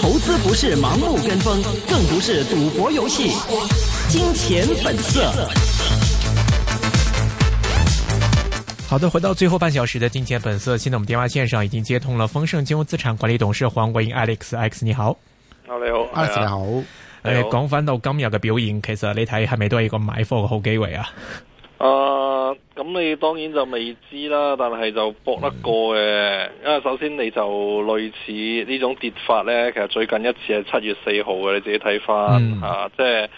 投資不是盲目跟風，更不是賭博遊戲。金錢本色。好的，回到最後半小時的金錢本色，現在我們電話線上已經接通了豐盛金融資產管理董事黃國英 Alex X，你好。你好，Alex 你好。誒 Hey,、欸，講返到今日嘅表演其實你睇係咪多一個埋伏嘅好機位？啊？ 啊，咁、uh, 你當然就未知啦，但係就搏得過嘅，mm. 因為首先你就類似呢種跌法呢，其實最近一次係七月四號嘅，你自己睇返吓，即係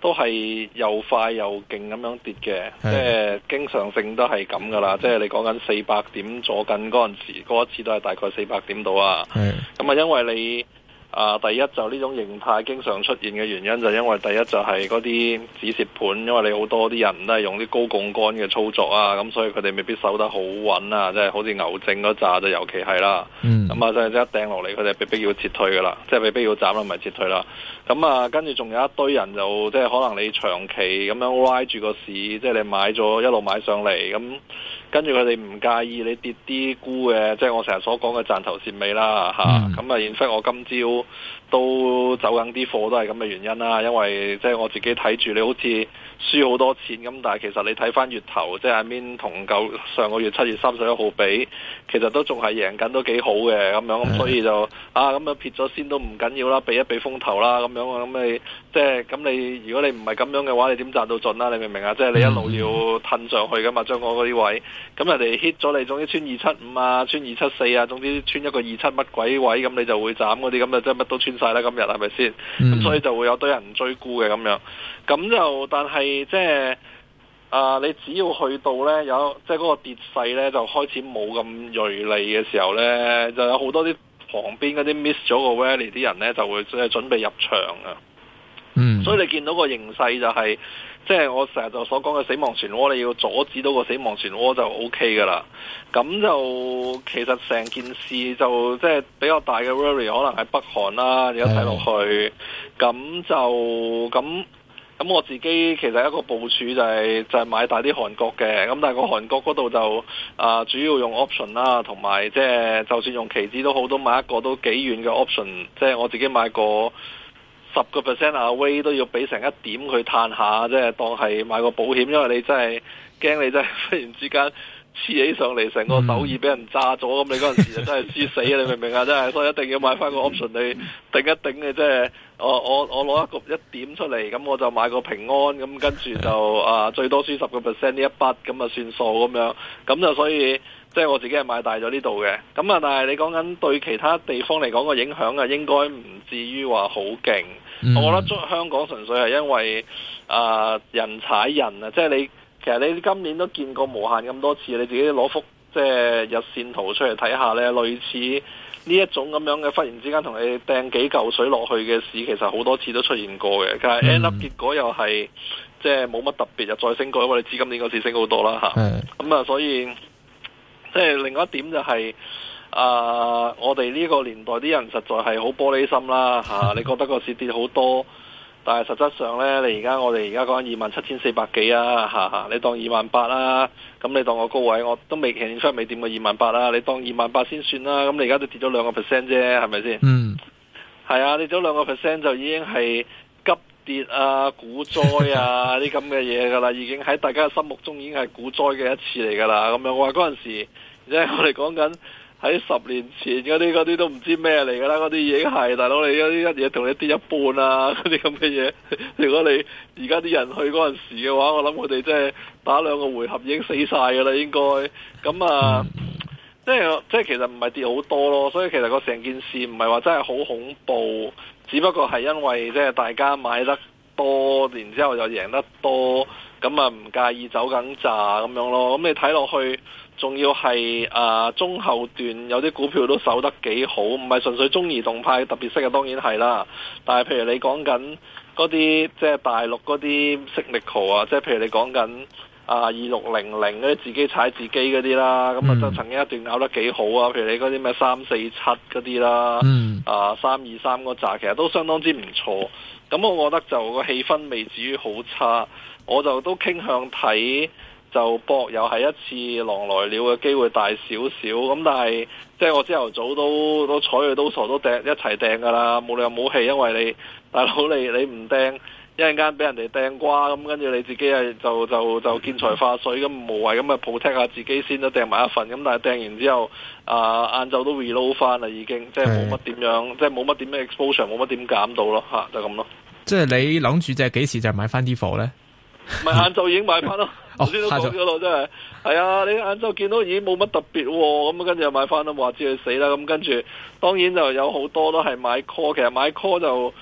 都係又快又勁咁樣跌嘅，mm. 即係經常性都係咁㗎啦，mm. 即係你講緊四百點左近嗰陣時，嗰一次都係大概四百點度啊，咁啊，因為你。啊！第一就呢種形態經常出現嘅原因就是、因為第一就係嗰啲止蝕盤，因為你好多啲人都係用啲高槓桿嘅操作啊，咁、啊、所以佢哋未必守得好穩啊，即、就、係、是、好似牛證嗰扎就尤其係啦。咁、嗯嗯、啊，即就一掟落嚟，佢哋被逼要撤退噶啦，即、就、係、是、被逼要斬啦，唔係撤退啦。咁、嗯、啊，跟住仲有一堆人就即係、就是、可能你長期咁樣拉住個市，即、就、係、是、你買咗一路買上嚟咁。嗯。跟住佢哋唔介意你跌啲沽嘅，即係我成日所講嘅賺頭蝕尾啦，吓、嗯。咁啊！然之後我今朝都走緊啲貨都係咁嘅原因啦，因為即係我自己睇住你好似。輸好多錢咁，但係其實你睇返月頭，即係阿 Min 同舊上個月七月三十一號比，其實都仲係贏緊，都幾好嘅咁樣。所以就、mm hmm. 啊，咁啊撇咗先都唔緊要啦，避一避風頭啦，咁樣啊，咁你即係咁你，如果你唔係咁樣嘅話，你點賺到盡啊？你明唔明啊？即係你一路要褪上去噶嘛，將我嗰啲位，咁人哋 hit 咗你，總之穿二七五啊，穿二七四啊，總之穿一個二七乜鬼位，咁你就會斬嗰啲咁啊，即係乜都穿晒啦，今日係咪先？咁、mm hmm. 所以就會有堆人追沽嘅咁樣。咁就，但係即係，啊、呃！你只要去到咧有即係嗰個跌勢咧，就開始冇咁銳利嘅時候咧，就有好多啲旁邊嗰啲 miss 咗個 rally 啲人咧，就會即係準備入場啊。嗯。所以你見到個形勢就係、是，即係我成日就所講嘅死亡漩渦，你要阻止到個死亡漩渦就 O K 噶啦。咁就其實成件事就即係比較大嘅 worry 可能係北韓啦。你一睇落去，咁、嗯、就咁。咁我自己其實一個部署就係就係買大啲韓國嘅，咁但係個韓國嗰度就啊主要用 option 啦，同埋即係就算用期指都好，都買一個都幾遠嘅 option，即係我自己買個十個 percent away 都要俾成一點佢攤下，即係當係買個保險，因為你真係驚你真係忽然之間。黐起上嚟，成個手耳俾人炸咗咁，嗯、你嗰陣時就真係輸死 你明唔明啊？真係，所以一定要買翻個 option 你頂一頂嘅，即係、就是啊，我我我攞一局一點出嚟，咁我就買個平安，咁跟住就啊，最多輸十個 percent 呢一筆，咁啊算數咁樣，咁就所以即係、就是、我自己係買大咗呢度嘅，咁啊，但係你講緊對其他地方嚟講個影響啊，應該唔至於話好勁。我覺得出香港純粹係因為啊人踩人啊，即、就、係、是、你。其實你今年都見過無限咁多次，你自己攞幅即係日線圖出嚟睇下呢類似呢一種咁樣嘅忽然之間同你掟幾嚿水落去嘅市，其實好多次都出現過嘅。但係 end up 結果又係即係冇乜特別，就再升過因為你知今年個市升好多啦。咁的啊，所以即係另外一點就係、是、啊、呃，我哋呢個年代啲人實在係好玻璃心啦嚇、啊。你覺得個市跌好多？但係實質上呢，你而家我哋而家講緊二萬七千四百幾啊，吓吓，你當二萬八啦，咁你當我高位，我都未企出未掂過二萬八啦，你當二萬八先算啦，啊，咁你而家都跌咗兩個 percent 啫，係咪先？嗯，係啊，你跌咗兩個 percent 就已經係急跌啊，股災啊，啲咁嘅嘢噶啦， 已經喺大家心目中已經係股災嘅一次嚟噶啦，咁樣我話嗰陣時，即係我哋講緊。喺十年前嗰啲嗰啲都唔知咩嚟噶啦，嗰啲已經係大佬，你一嘢同你跌一半啊，嗰啲咁嘅嘢。 如果你而家啲人去嗰陣時嘅話，我諗佢哋即係打兩個回合已經死晒噶啦，應該咁啊。即係即係其實唔係跌好多咯，所以其實個成件事唔係話真係好恐怖，只不過係因為即係大家買得多，然之後又贏得多。咁啊，唔、嗯、 介意走緊炸咁樣咯。咁、嗯、你睇落去，仲要係啊、呃、中後段有啲股票都守得幾好，唔係純粹中移動派特別息嘅，當然係啦、啊。但係譬如你講緊嗰啲即係大陸嗰啲息力圖啊，即係譬如你講緊啊二六零零嗰啲自己踩自己嗰啲啦，咁啊都曾經一段咬得幾好啊。譬如你嗰啲咩三四七嗰啲啦，啊三二三嗰扎，其實都相當之唔錯。咁、嗯、我覺得就個氣氛未至於好差，我就都傾向睇就博又係一次狼來了嘅機會大少少。咁、嗯、但係即係我朝頭早都都睬佢都傻都掟一齊掟㗎啦。冇理有冇氣，因為你大佬你你唔掟，一陣間俾人哋掟瓜咁，跟、嗯、住你自己係就就就見財化水咁、嗯、無謂咁啊 protect 下自己先都掟埋一份。咁、嗯、但係掟完之後啊，晏、呃、晝都 reload 翻啦，已經即係冇乜點樣，的即係冇乜點咩 exposure，冇乜點減到咯嚇，就咁咯。即係你諗住即係幾時就買翻啲貨咧？唔係晏晝已經買翻咯，頭先、 哦、都講咗咯，午真係係啊！你晏晝見到已經冇乜特別、哦，咁跟住又買翻啦，話知佢死啦！咁跟住，當然就有好多都係買 call，其實買 call 就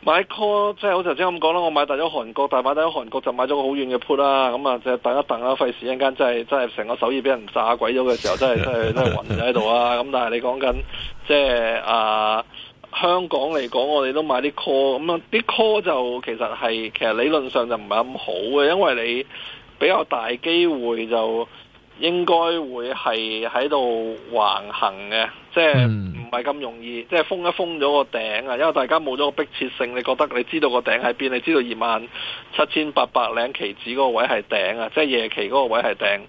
買 call 即係好似頭先咁講啦，我買大咗韓國，但係買大咗韓國就買咗個好遠嘅 put 啦，咁啊即係等一等啊，費事一陣間真係真係成個首爾俾人炸鬼咗嘅時候，真係真係真係暈咗喺度啊！咁 但係你講緊即係啊。呃香港嚟講，我哋都買啲 call 咁樣，啲 call 就其實係其實理論上就唔係咁好嘅，因為你比較大機會就應該會係喺度橫行嘅，即係唔係咁容易，即係封一封咗個頂啊，因為大家冇咗個迫切性，你覺得你知道個頂喺邊，你知道二萬七千八百零期指嗰個位係頂啊，即係夜期嗰個位係頂，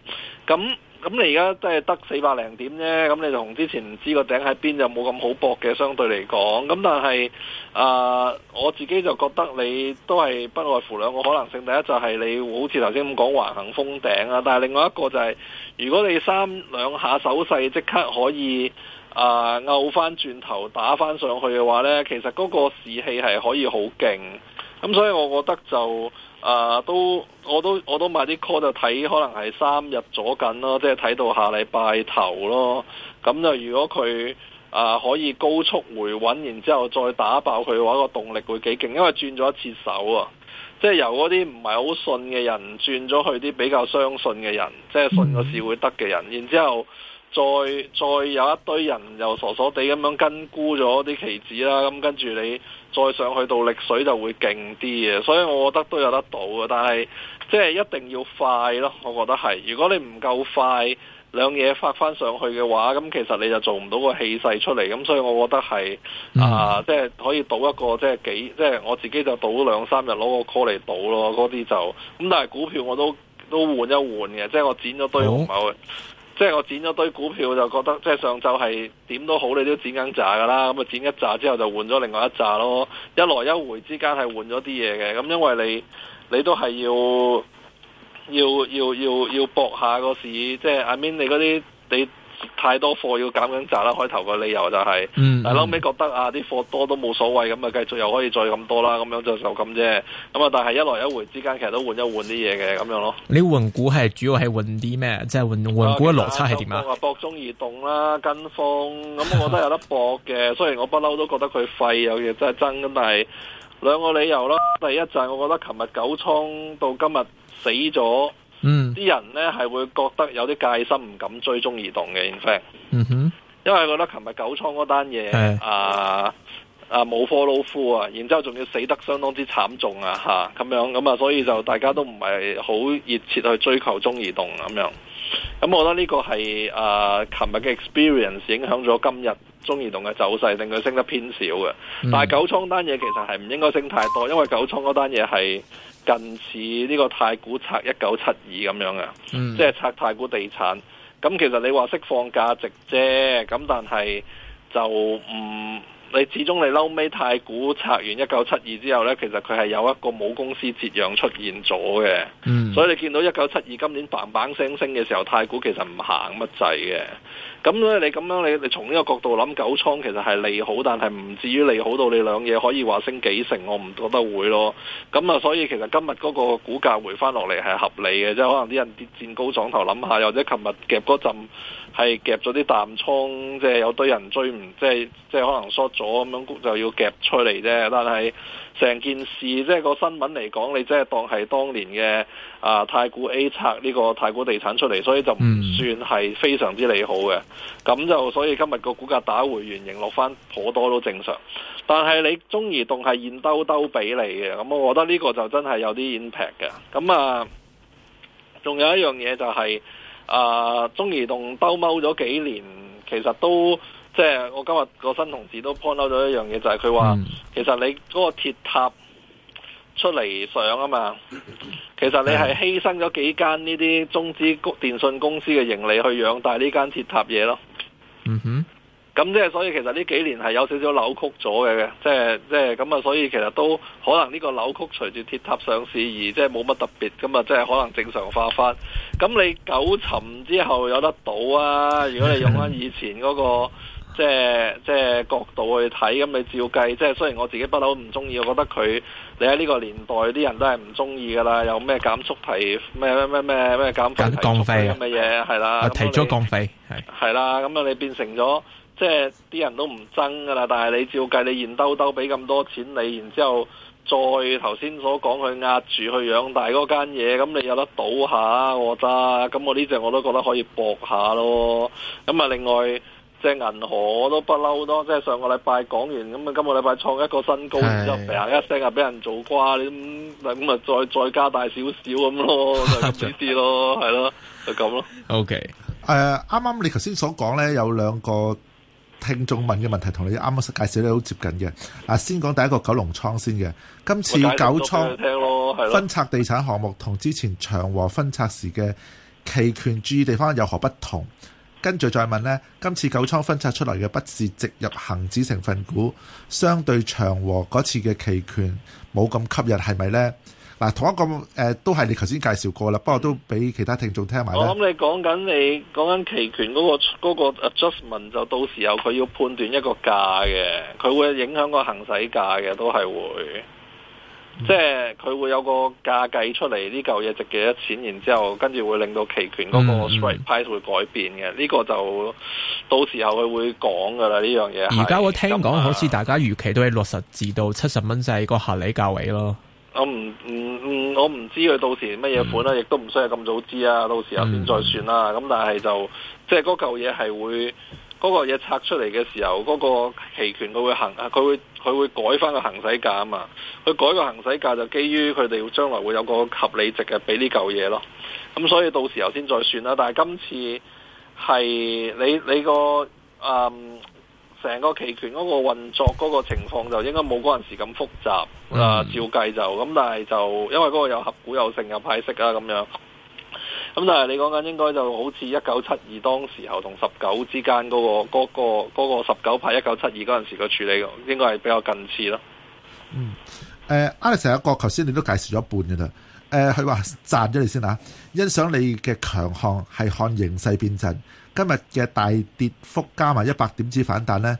咁。咁你而家都係得四百零點啫，咁你同之前唔知個頂喺邊就冇咁好博嘅，相對嚟講。咁但係啊、呃，我自己就覺得你都係不外乎兩個可能性，第一就係你好似頭先咁講橫行封頂啊，但係另外一個就係、是、如果你三兩下手勢即刻可以啊、呃、拗翻轉頭打翻上去嘅話呢，其實嗰個士氣係可以好勁。咁所以我覺得就。啊，都我都我都買啲 call 就睇，可能係三日左近咯，即係睇到下禮拜頭咯。咁就如果佢啊可以高速回穩，然之後再打爆佢嘅話，個動力會幾勁，因為轉咗一次手啊，即係由嗰啲唔係好信嘅人轉咗去啲比較相信嘅人，即係信個市會得嘅人，然之後。再再有一堆人又傻傻地咁樣，啊、跟沽咗啲期指啦，咁跟住你再上去到力水就會勁啲嘅，所以我覺得都有得到嘅。但係即係一定要快咯，我覺得係。如果你唔夠快，兩嘢發翻上去嘅話，咁其實你就做唔到個氣勢出嚟。咁所以我覺得係啊、嗯呃，即係可以賭一個即係幾，即係我自己就賭兩三日攞個 call 嚟賭咯。嗰啲就咁，但係股票我都都換一換嘅，即係我剪咗堆紅包。即係我剪咗堆股票，就覺得即係上晝係點都好，你都剪緊紮㗎啦。咁啊，剪一紮之後就換咗另外一紮咯。一來一回之間係換咗啲嘢嘅。咁因為你你都係要要要要要搏下個市，即係阿 Min 你嗰啲你。太多貨要減緊閘啦，開頭個理由就係、是，嗯、但後尾覺得、嗯、啊啲貨多都冇所謂，咁啊繼續又可以再咁多啦，咁樣就就咁啫。咁啊，但係一來一回之間，其實都換一換啲嘢嘅，咁樣咯。你換股係主要係換啲咩？即係換換股嘅邏輯係點樣？博 中移動啦，跟風，咁、嗯、我覺得有得博嘅。雖然我不嬲都覺得佢廢有嘢真係爭，咁但係兩個理由咯。第一就係我覺得琴日九倉到今日死咗。嗯，啲人咧係會覺得有啲戒心，唔敢追中移動嘅，in fact。嗯哼，因為我覺得琴日九倉嗰單嘢，啊啊冇 follow through 啊，然之後仲要死得相當之慘重啊，吓、啊、咁樣，咁啊，所以就大家都唔係好熱切去追求中移動咁樣。咁、啊啊、我覺得呢個係啊，琴日嘅 experience 影響咗今日中移動嘅走勢，令佢升得偏少嘅。嗯、但係九倉單嘢其實係唔應該升太多，因為九倉嗰單嘢係。近似呢個太古拆一九七二咁樣嘅，嗯、即係拆太古地產。咁其實你話釋放價值啫，咁但係就唔。始終你始終你嬲尾太古拆完一九七二之後呢，其實佢係有一個母公司折讓出現咗嘅，嗯、所以你見到一九七二今年棒棒聲升嘅時候，太古其實唔行乜滯嘅。咁所以你咁樣你你從呢個角度諗九倉，其實係利好，但係唔至於利好到你兩嘢可以話升幾成，我唔覺得會咯。咁啊，所以其實今日嗰個股價回翻落嚟係合理嘅，即係可能啲人跌佔高撞頭諗下，又或者琴日夾嗰陣係夾咗啲淡倉，即係有堆人追唔即係即係可能我咁樣就要夾出嚟啫，但係成件事即係、就是、個新聞嚟講，你即係當係當年嘅啊、呃、太古 A 拆呢、這個太古地產出嚟，所以就唔算係非常之利好嘅。咁、嗯、就所以今日個股價打回原形落翻頗多都正常，但係你中移動係現兜兜俾你嘅，咁我覺得呢個就真係有啲 impact 嘅。咁啊，仲、呃、有一樣嘢就係、是、啊、呃、中移動兜踎咗幾年，其實都。即係我今日個新同事都 point out 咗一樣嘢，就係佢話，嗯、其實你嗰個鐵塔出嚟上啊嘛，其實你係犧牲咗幾間呢啲中資電訊公司嘅盈利去養大呢間鐵塔嘢咯。嗯哼，咁即係所以其實呢幾年係有少少扭曲咗嘅，即係即係咁啊，所以其實都可能呢個扭曲隨住鐵塔上市而即係冇乜特別咁啊，即係可能正常化翻。咁你九沉之後有得到啊？如果你用翻以前嗰、嗰個。嗯即係即係角度去睇，咁你照計，即係雖然我自己不嬲唔中意，我覺得佢你喺呢個年代啲人都係唔中意㗎喇，有咩減速提咩咩咩咩咩減減降費咁嘅嘢係啦，提咗降費係係啦，咁啊你，你變成咗即係啲人都唔憎㗎喇，但係你照計，你現兜兜俾咁多錢你，然之後再頭先所講佢壓住去養大嗰間嘢，咁你有得賭下我覺得，咁我呢隻我都覺得可以搏下咯，咁啊另外。隻銀河我都不嬲多，即係上個禮拜講完，咁啊，今個禮拜創一個新高，然之後，呯一聲啊，俾人做瓜，咁咁啊，再再加大少少咁咯，就呢啲咯，係咯， 就咁咯。OK，誒，啱啱你頭先所講咧，有兩個聽眾問嘅問題，同你啱啱介紹咧好接近嘅。嗱，先講第一個九龍倉先嘅，今次九倉分拆地產項目，同之前長和分拆時嘅歧權注意地方有何不同？跟住再問呢，今次九倉分拆出嚟嘅不是直入恆指成分股，相對長和嗰次嘅期權冇咁吸引，係咪呢？嗱，同一個誒、呃，都係你頭先介紹過啦，不過都俾其他聽眾聽埋。我諗你講緊你講緊期權嗰、那個嗰、那個啊，adjustment 就到時候佢要判斷一個價嘅，佢會影響個行使價嘅，都係會。即係佢會有個價計出嚟，呢嚿嘢值幾多錢，然之後跟住會令到期權嗰個 strike price 會改變嘅。呢、嗯、個就到時候佢會講噶啦呢樣嘢。而家我聽講，啊、好似大家預期都係六十至到七十蚊制個合理價位咯。我唔唔唔，我唔知佢到時乜嘢款啦，亦都唔需要咁早知啊。到時後邊再算啦。咁、嗯、但係就即係嗰嚿嘢係會。嗰個嘢拆出嚟嘅時候，嗰個期權佢會行，佢會佢會改翻個行使價啊嘛，佢改個行使價就基於佢哋將來會有個合理值嘅俾呢嚿嘢咯。咁、嗯、所以到時候先再算啦。但係今次係你你個嗯成個期權嗰個運作嗰個情況，就應該冇嗰陣時咁複雜、嗯、啊。照計就咁、嗯，但係就因為嗰個又合股有成日派息啊咁樣。咁但係你講緊應該就好似一九七二當時候同十九之間嗰、那個嗰十九派一九七二嗰陣時嘅處理，應該係比較近似咯。嗯，誒、欸、，Alex 阿國，頭先你都介紹咗一半嘅啦。誒、欸，佢話讚咗你先啦、啊，欣賞你嘅強項係看形勢變陣。今日嘅大跌幅加埋一百點之反彈呢，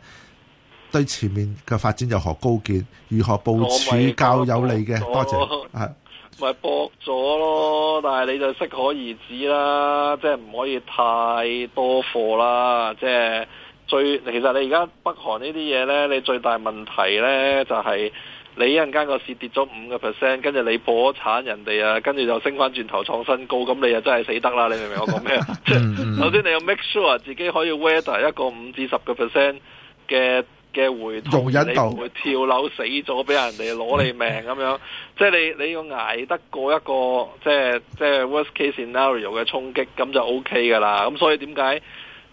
對前面嘅發展有何高見？如何部署較有利嘅？多謝。咪搏咗咯，但係你就適可而止啦，即係唔可以太多貨啦。即係最，其實你而家北韓呢啲嘢呢，你最大問題呢就係你一陣間個市跌咗五個 percent，跟住你破產人哋啊，跟住就升翻轉頭創新高，咁你又真係死得啦！你明唔明我講咩啊？首先你要 make sure 自己可以 weather 一個五至十個 percent 嘅 嗯嗯嘅回吐，你唔會跳樓死咗，俾人哋攞你命咁樣。即係你你要捱得過一個，即係即係 worst case scenario 嘅衝擊，咁就 OK 噶啦。咁所以點解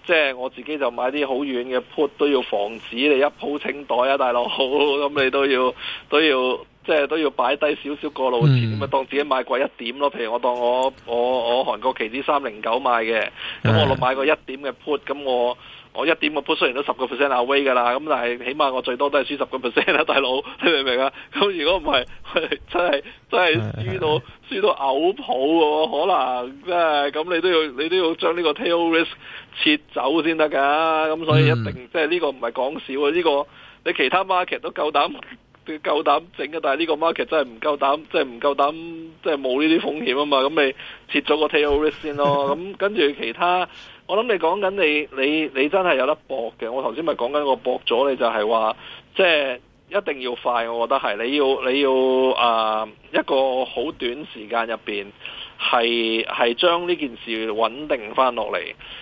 即係我自己就買啲好遠嘅 put 都要防止你一鋪清袋啊，大佬。好咁你都要都要即係都要擺低少少過路錢，咁咪、嗯、當自己買貴一點咯。譬如我當我我我韓國旗子三零九買嘅，咁我咪買貴一點嘅 put，咁我。1 我一點啊，puts 雖然都十個 percent away 噶啦，咁但係起碼我最多都係輸十個 percent 啦，大佬，你明唔明啊？咁如果唔係，真係真係輸到 輸到嘔普喎，可能即係咁你都要你都要將呢個 tail risk 撤走先得噶。咁所以一定、嗯、即係呢個唔係講笑啊！呢、呢個你其他 market 都夠膽，夠膽整嘅，但係呢個 market 真係唔夠膽，即係唔夠膽，即係冇呢啲風險啊嘛。咁你切咗個 tail risk 先咯，咁跟住其他。 我諗你講緊你你你真係有得搏嘅，我頭先咪講緊個搏咗，你就係、是、話，即係一定要快，我覺得係你要你要啊、呃、一個好短時間入邊係係將呢件事穩定翻落嚟，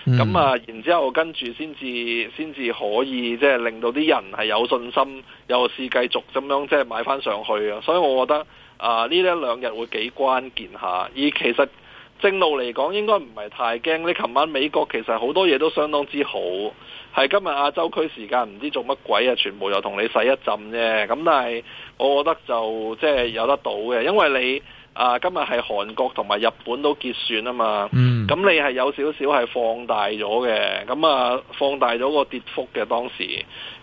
咁、嗯、啊然之後跟住先至先至可以即係令到啲人係有信心，有事繼續咁樣即係買翻上去啊，所以我覺得啊呢一兩日會幾關鍵下，而其實。正路嚟講應該唔係太驚，你琴晚美國其實好多嘢都相當之好，係今日亞洲區時間唔知做乜鬼啊，全部又同你洗一陣啫，咁但係我覺得就即係、就是、有得到嘅，因為你。啊，今日係韓國同埋日本都結算啊嘛，咁、mm. 嗯、你係有少少係放大咗嘅，咁、嗯、啊放大咗個跌幅嘅當時，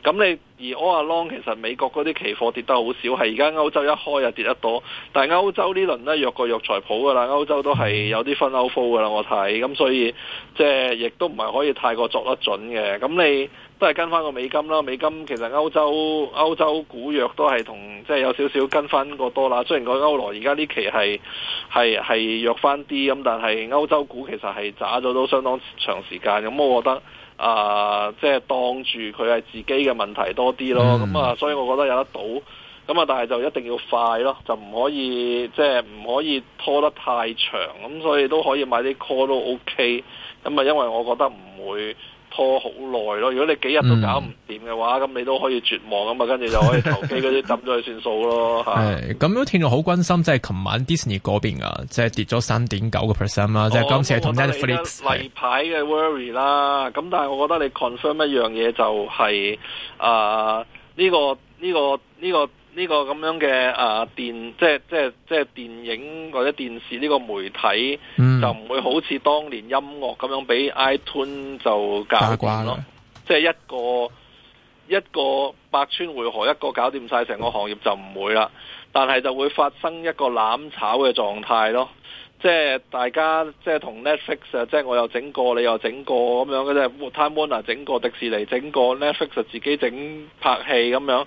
咁、嗯、你而歐亞 Long 其實美國嗰啲期貨跌，跌得好少，係而家歐洲一開又跌得多，但係歐洲輪呢輪咧弱過藥材普㗎喇，歐洲都係有啲分歐負㗎喇，我睇，咁、嗯、所以即係亦都唔係可以太過作得準嘅，咁、嗯、你。都係跟翻個美金啦，美金其實歐洲歐洲股弱都係同即係有少少跟翻過多啦。雖然講歐羅而家呢期係係係弱翻啲咁，但係歐洲股其實係渣咗都相當長時間。咁、嗯、我覺得啊，即、呃、係、就是、當住佢係自己嘅問題多啲咯。咁、嗯、啊，嗯、所以我覺得有得賭咁啊，但係就一定要快咯，就唔可以即係唔可以拖得太長。咁、嗯、所以都可以買啲 call 都 OK。咁啊，因為我覺得唔會拖好耐咯，如果你幾日都搞唔掂嘅話，咁、嗯、你都可以絕望咁啊，跟住就可以投機嗰啲撳咗佢算數咯。係，咁樣聽落好關心，即係即係哦、即係琴晚 Disney 嗰邊啊，即係跌咗三點九個 percent 啦，即係今次係同 Netflix 係。例牌嘅 worry 啦，咁但係我覺得你，是你 confirm 一樣嘢就係、是、啊，呢個呢個呢個。呢個呢個呢個咁樣嘅啊、呃、電，即係即係即係電影或者電視呢個媒體，嗯、就唔會好似當年音樂咁樣俾 iTunes 就搞垮咯。即係一個一個百川匯河，一個搞掂晒成個行業就唔會啦。但係就會發生一個攬炒嘅狀態咯。即係大家，即係同 Netflix 啊，即係我又整過，你又整過，咁樣嘅啫。Time Warner 整過，迪士尼整過 Netflix 自己整拍戲，咁樣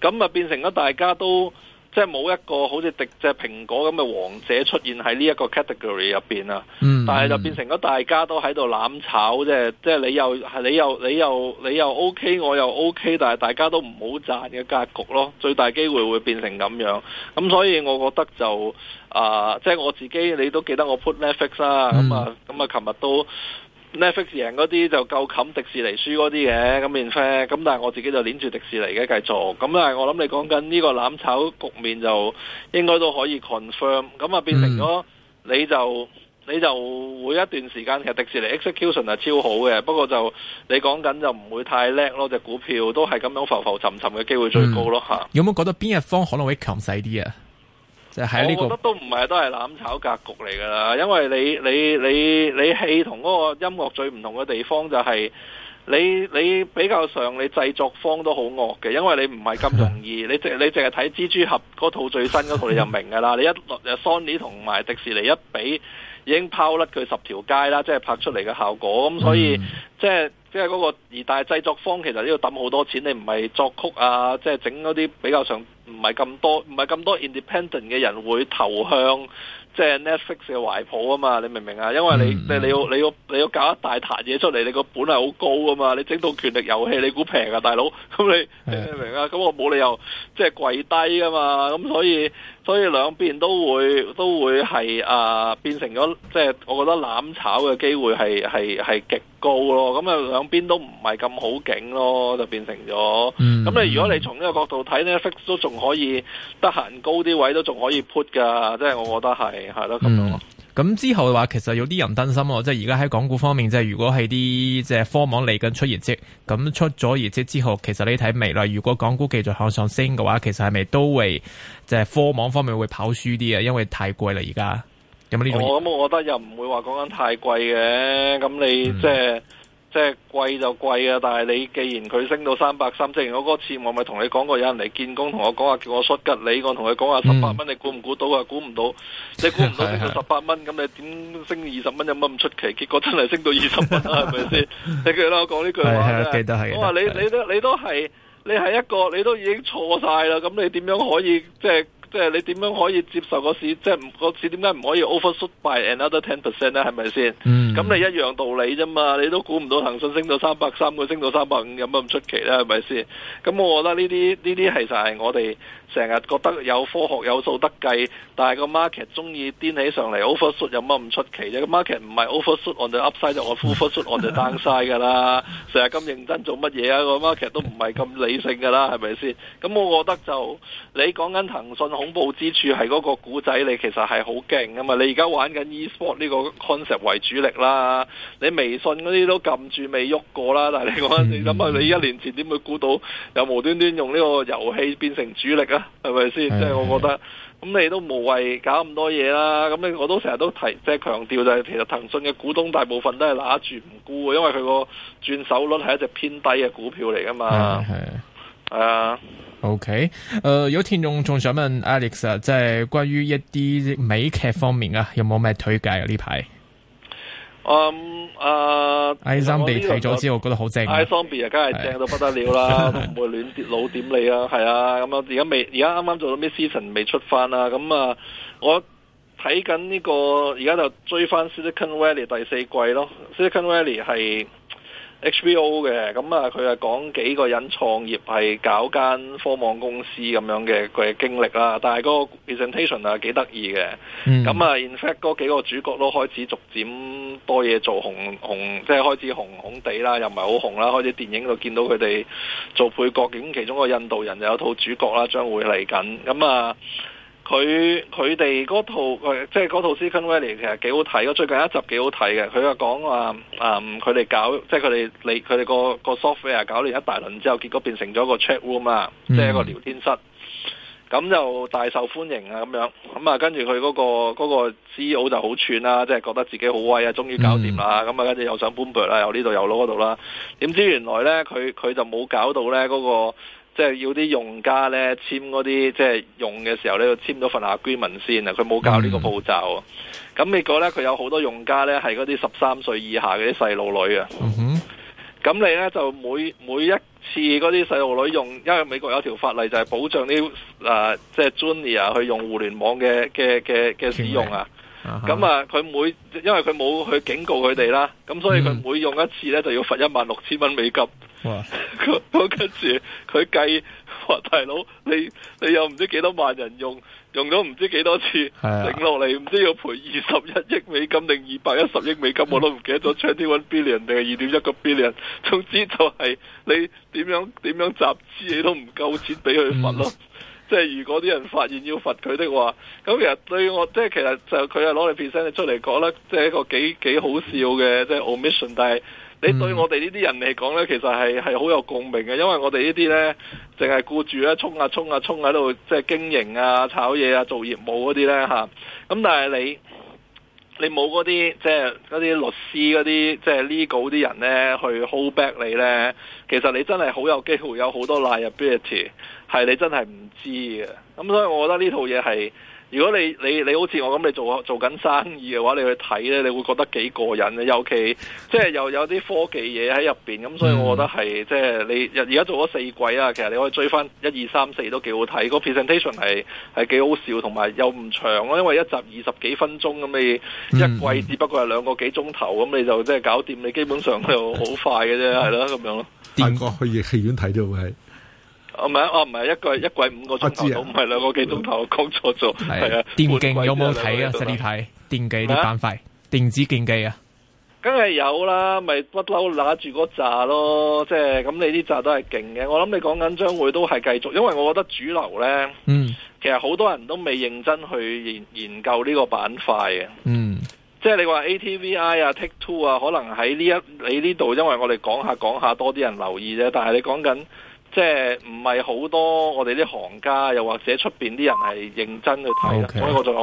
咁啊變成咗大家都。即係冇一個好似迪隻蘋果咁嘅王者出現喺呢一個 category 入邊啊，但係就變成咗大家都喺度攬炒，即係即係你又係你又你又你又 OK，我又 OK，但係大家都唔好賺嘅格局咯。最大機會會變成咁樣，咁所以我覺得就啊、呃，即係我自己，你都記得我 put Netflix 啦，咁啊，咁啊、嗯，琴日都。Netflix 贏嗰啲就夠冚迪士尼輸嗰啲嘅，咁變 fair，咁但係我自己就黏住迪士尼嘅繼續。咁但係我諗你講緊呢個攬炒局面就應該都可以 confirm。咁啊變成咗你就你就會一段時間其實迪士尼 execution 係超好嘅，不過就你講緊就唔會太叻咯，隻股票都係咁樣浮浮沉沉嘅機會最高咯吓、嗯。有冇覺得邊一方可能會強勢啲啊？這個、我覺得都唔係都係濫炒格局嚟噶啦，因為你你你你戲同嗰個音樂最唔同嘅地方就係、是、你你比較上你製作方都好惡嘅，因為你唔係咁容易， 你淨你淨係睇蜘蛛俠嗰套最新嗰套，你就明噶啦。 你一落 Sony 同埋迪士尼一比，已經拋甩佢十條街啦，即、就、係、是、拍出嚟嘅效果。咁 所以即係即係嗰個而但係製作方其實都要抌好多錢，你唔係作曲啊，即係整嗰啲比較上。唔係咁多，唔係咁多 independent 嘅人會投向即係、就是、Netflix 嘅懷抱啊嘛！你明唔明啊？因為你你你要你要你要搞一大壇嘢出嚟，你個本係好高啊嘛！你整到權力遊戲，你估平啊，大佬？咁你，你明唔明啊？咁我冇理由即係、就是、跪低啊嘛！咁所以。所以兩邊都會都會係啊、呃、變成咗，即係我覺得攬炒嘅機會係係係極高咯。咁啊兩邊都唔係咁好景咯，就變成咗。咁你、嗯、如果你從呢個角度睇咧，Netflix 都仲可以得閒高啲位都仲可以 put 噶。即係我覺得係係咯咁樣咯、嗯。嗯。咁之後嘅話，其實有啲人擔心喎，即係而家喺港股方面，即係如果係啲即係科網嚟緊出業績，咁出咗業績之後，其實你睇未來，如果港股繼續向上升嘅話，其實係咪都會即係科網方面會跑輸啲啊？因為太貴啦而家。有冇呢種？哦，咁我覺得又唔會話講緊太貴嘅，咁你、嗯、即係。即係貴就貴啊！但係你既然佢升到三百三，即係我嗰次我咪同你講過有人嚟見工，同我講話叫我 short 吉你我同佢講話十八蚊，嗯、你估唔估到啊？估唔到，你估唔到升到十八蚊，咁 你點升二十蚊有乜唔出奇？結果真係升到二十蚊，啊。係咪先？你記得我講呢句話啊！我話你你都你都係你係一個,你都,一個你都已經錯晒啦，咁你點樣可以即係？即係你點樣可以接受個市？即係個市點解唔可以 overshoot by another ten percent 咧？係咪先？咁你、mm. 一樣道理啫嘛。你都估唔到騰訊升到 300, 三百三，佢升到 300, 三百五有乜唔出奇咧？係咪先？咁我覺得呢啲呢啲其實係我哋成日覺得有科學有數得計，但係個 market 中意癲起上嚟 overshoot 有乜唔出奇啫？個 market 唔係 overshoot 我哋 up 晒，就我 overshoot 我哋 down 晒噶啦。成日咁認真做乜嘢啊？個 market 都唔係咁理性噶啦，係咪先？咁我覺得就你講緊騰訊。恐怖之處係嗰個古仔，你其實係好勁啊嘛！你而家玩緊 eSport 呢個 concept 為主力啦，你微信嗰啲都撳住未喐過啦。但係你講，你諗下你一年前點會估到又無端端用呢個遊戲變成主力啊？係咪先？即係的我覺得，咁的你都無謂搞咁多嘢啦。咁你我都成日都提，即係強調就係，其實騰訊嘅股東大部分都係拿住唔沽嘅，因為佢個轉手率係一隻偏低嘅股票嚟噶嘛。啊 o k 誒，有聽眾仲想問 Alex 啊，即係關於一啲美劇方面啊，有冇咩推介啊？呢排、um, uh,，啊誒，《iZombie》睇咗之後覺得好正、啊，《iZombie》啊，梗係正到不得了啦， 都唔會亂跌老點你啊，係啊，咁、嗯、啊，而家未，而家啱啱做到咩 season 未出翻啊，咁、嗯、啊，我睇緊呢個，而家就追翻《Silicon Valley》第四季咯，《Silicon Valley》係。HBO 嘅咁啊，佢係講幾個人創業係搞間科網公司咁樣嘅佢嘅經歷啦。但係嗰個 presentation 啊，幾得意嘅。咁啊、嗯、，in fact 嗰幾個主角都開始逐漸多嘢做紅，紅紅即係開始紅紅地啦，又唔係好紅啦。開始電影就見到佢哋做配角，咁其中個印度人又有一套主角啦，將會嚟緊。咁、嗯、啊。佢佢哋嗰套誒，即係嗰套《Silicon Valley》，其實幾好睇咯。最近一集幾好睇嘅，佢就講話誒，佢、嗯、哋搞，即係佢哋你佢哋個個 software 搞完一大輪之後，結果變成咗個 chat room 啊，嗯、即係一個聊天室。咁就大受歡迎啊，咁樣咁啊，跟住佢嗰個嗰、嗰個 CEO 就好串啦，即係覺得自己好威啊，終於搞掂啦。咁啊、嗯，跟住又上 Bloomberg 啦，又呢度又攞嗰度啦。點知原來呢，佢佢就冇搞到呢、那、嗰個。即係要啲用家咧簽嗰啲，即係用嘅時候咧要簽咗份下居民先啊！佢冇教呢個步驟啊！咁美國咧佢有好多用家咧係嗰啲十三歲以下嘅啲細路女啊！咁、嗯、哼你咧就每每一次嗰啲細路女用，因為美國有一條法例就係保障啲啊，即、呃、係、就係、junior 去用互聯網嘅嘅嘅嘅使用啊！咁、uh huh. 啊，佢每因為佢冇去警告佢哋啦，咁所以佢每用一次咧、嗯、就要罰一萬六千蚊美金。哇！跟住佢計話大佬，你你又唔知幾多萬人用，用咗唔知幾多次，整落嚟唔知要賠二十一億美金定二百一十億美金，美金嗯、我都唔記得咗。twenty one billion 定係二點一個 billion？總之就係你點樣點樣集資，你都唔夠錢俾佢罰咯。嗯即係如果啲人發現要罰佢的話，咁其實對我即係其實就佢係攞嚟 present 出嚟講咧，即係一個幾幾好笑嘅即係 omission。但係你對我哋呢啲人嚟講咧，其實係係好有共鳴嘅，因為我哋呢啲咧淨係顧住咧衝啊衝啊衝喺度，即係經營啊炒嘢啊做業務嗰啲咧嚇。咁但係你。你冇嗰啲，即係嗰啲律師，嗰啲即係 legal 啲人咧去 hold back 你咧，其實你真係好有機會有好多 liability，係你真係唔知嘅。咁所以，我覺得呢套嘢係。如果你你你好似我咁，你做做緊生意嘅話，你去睇咧，你會覺得幾過癮嘅。尤其即係又有啲科技嘢喺入邊，咁、嗯、所以我覺得係即係你而家做咗四季啊，其實你可以追翻一二三四都幾好睇。嗯、個 presentation 係係幾好笑，同埋又唔長咯，因為一集二十幾分鐘咁，你一季只不過係兩個幾鐘頭咁，嗯嗯、你就即係搞掂，你基本上佢就好快嘅啫，係咯咁樣咯。點過去戲院睇都會係。我唔係，我唔係一季一季五個鐘頭，唔係兩個幾鐘頭工作做。係、嗯、 啊，電競有冇睇啊？呢排 電競啲板塊，電子競技啊，梗係、啊、有啦，咪不嬲拿住嗰扎咯。即係咁，你啲扎都係勁嘅。我諗你講緊將會都係繼續，因為我覺得主流咧，嗯，其實好多人都未認真去研研究呢個板塊嘅，嗯，即係你話 ATVI 啊、Take Two 啊，可能喺呢一喺呢度，因為我哋講下講下多啲人留意啫。但係你講緊。即係唔係好多我哋啲行家，又或者出邊啲人係認真去睇嘅，所以我仲有。